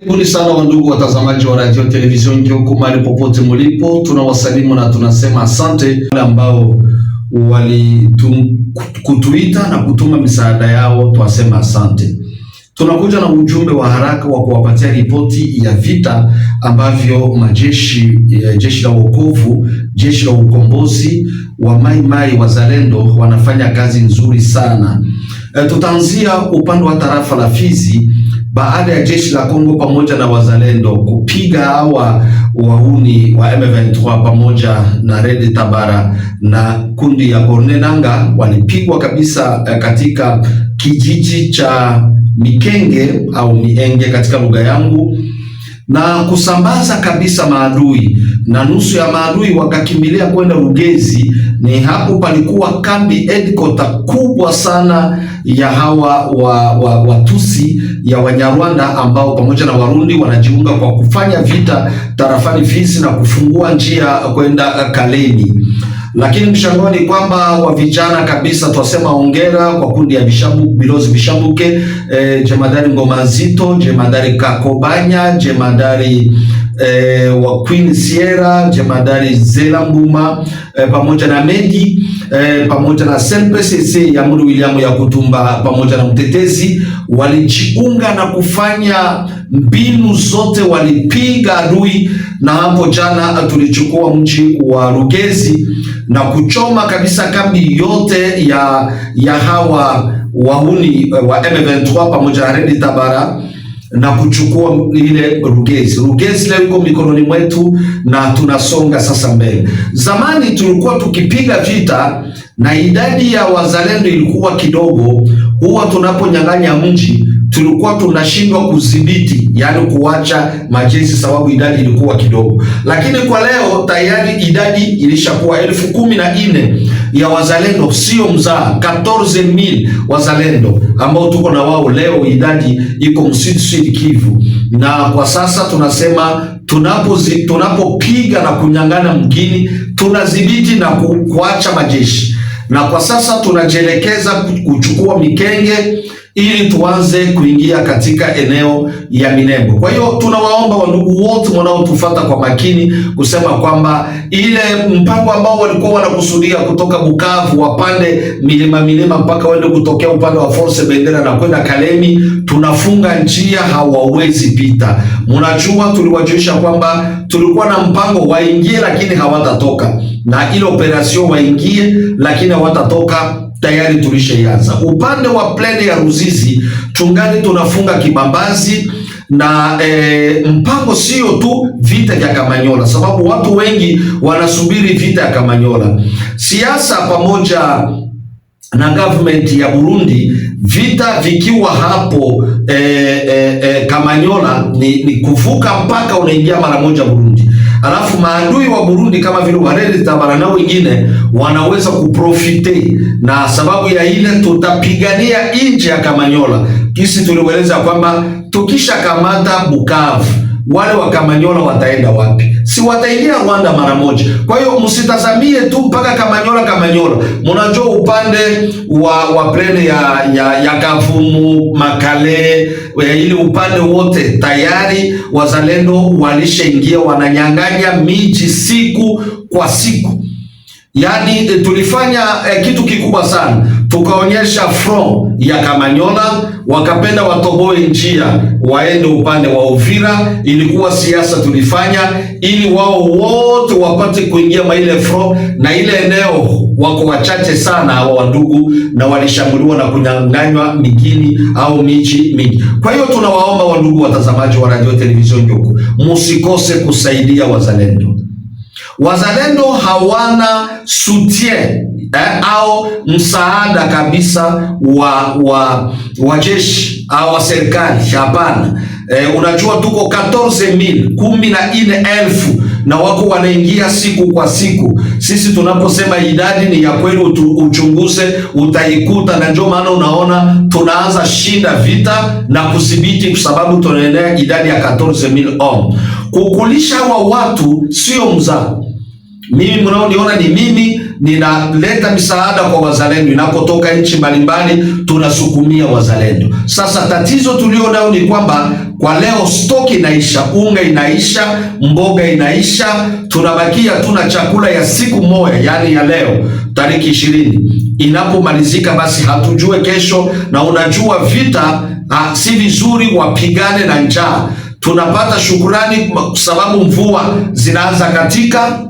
Karibuni sana wandugu watazamaji wa radio television Ngyoku, mahali popote mulipo, tunawasalimu na tunasema asante wale ambao walikutuita na kutuma misaada yao, twasema asante. Tunakuja na ujumbe wa haraka wa kuwapatia ripoti ya vita ambavyo majeshi eh, jeshi la uokovu, jeshi la ukombozi wa maimai wazalendo wanafanya kazi nzuri sana. E, tutaanzia upande wa tarafa la Fizi baada ya jeshi la Kongo pamoja na wazalendo kupiga hawa wauni wa M23 pamoja na Red Tabara na kundi ya Corneille nanga walipigwa kabisa eh, katika kijiji cha Mikenge au Mienge katika lugha yangu na kusambaza kabisa maadui na nusu ya maadui wakakimbilia kwenda Rugezi ni hapo palikuwa kambi headquarter kubwa sana ya hawa wa, wa, Watusi ya Wanyarwanda ambao pamoja na Warundi wanajiunga kwa kufanya vita tarafani Fizi na kufungua njia kwenda Kaleni. Lakini mshangao ni kwamba wa vijana kabisa, twasema ongera kwa kundi ya vishabu, Bilozi Bishabuke e, eh, jemadari Ngoma Nzito, jemadari Kakobanya, jemadari e, wa Queen Sierra, jemadari Zela Mbuma e, pamoja na Medi e, pamoja na SPCC ya Mudu William ya Kutumba pamoja na mtetezi walijiunga na kufanya mbinu zote, walipiga adui, na hapo jana tulichukua mji wa Rugezi na kuchoma kabisa kambi yote ya ya hawa wahuni eh, wa M23 pamoja na Redi Tabara na kuchukua ile Rugezi. Rugezi leo iko mikononi mwetu na tunasonga sasa mbele. Zamani tulikuwa tukipiga vita na idadi ya wazalendo ilikuwa kidogo, huwa tunaponyang'anya mji tulikuwa tunashindwa kudhibiti, yaani kuacha majeshi sababu idadi ilikuwa kidogo, lakini kwa leo tayari idadi ilishakuwa elfu kumi na nne ya wazalendo, sio mzaa 14000 wazalendo ambao tuko na wao leo, idadi iko msitu sidi Kivu, na kwa sasa tunasema tunapopiga tunapo na kunyang'ana mgini tunadhibiti na kuacha majeshi na kwa sasa tunajielekeza kuchukua Mikenge ili tuanze kuingia katika eneo ya Minembwe. Kwa hiyo tunawaomba wandugu wote wanaotufuata kwa makini kusema kwamba ile mpango ambao walikuwa wanakusudia kutoka Bukavu wapande milima milima mpaka waende kutokea upande wa Force Bendera na kwenda Kalemi, tunafunga njia, hawawezi pita. Mnajua tuliwajulisha kwamba tulikuwa na mpango waingie, lakini hawatatoka na ile operation waingie, lakini hawatatoka tayari tulishaanza. Upande wa plane ya Ruzizi tungani tunafunga Kibambazi na e, mpango sio tu vita vya Kamanyola, sababu watu wengi wanasubiri vita ya Kamanyola. Siasa pamoja na government ya Burundi, vita vikiwa hapo e, e, Kamanyola ni, ni kuvuka mpaka unaingia mara moja Burundi. Alafu maadui wa Burundi kama vile Wareli Tabara na wengine wanaweza kuprofite, na sababu ya ile tutapigania nje ya Kamanyola, kisi tulieleza kwamba tukishakamata Bukavu wale wa Kamanyola wataenda wapi? Si wataingia Rwanda mara moja. Kwa hiyo msitazamie tu mpaka Kamanyola. Kamanyola mnajua upande wa wa plene ya, ya, ya Kavumu Makale, eh, ili upande wote tayari wazalendo walishaingia, wananyang'anya miji siku kwa siku. Yaani eh, tulifanya eh, kitu kikubwa sana tukaonyesha fro ya Kamanyola, wakapenda watoboe njia waende upande wa Uvira. Ilikuwa siasa tulifanya ili wao wote wapate kuingia maile fro, na ile eneo wako wachache sana hawa wandugu, na walishambuliwa na kunyang'anywa migini au miji mingi. Kwa hiyo tunawaomba wandugu watazamaji wa radio television Ngyoku, musikose kusaidia wazalendo. Wazalendo hawana soutien eh, au msaada kabisa wa wa, wa jeshi au wa serikali. Hapana. Eh, unajua tuko 14000 kumi na nne elfu na wako wanaingia siku kwa siku. Sisi tunaposema idadi ni ya kweli, uchunguze utaikuta, na ndio maana unaona tunaanza shinda vita na kudhibiti, kwa sababu tunaendea idadi ya 14000 om. Kukulisha wa watu sio mzaa. Mimi mnaoniona ni mimi ninaleta misaada kwa wazalendo inapotoka nchi mbalimbali, tunasukumia wazalendo. Sasa tatizo tulio nao ni kwamba kwa leo stoki inaisha, unga inaisha, mboga inaisha, tunabakia tu na chakula ya siku moja, yaani ya leo tariki ishirini. Inapomalizika basi hatujue kesho, na unajua vita ha, ah, si vizuri wapigane na njaa. Tunapata shukurani kwa sababu mvua zinaanza katika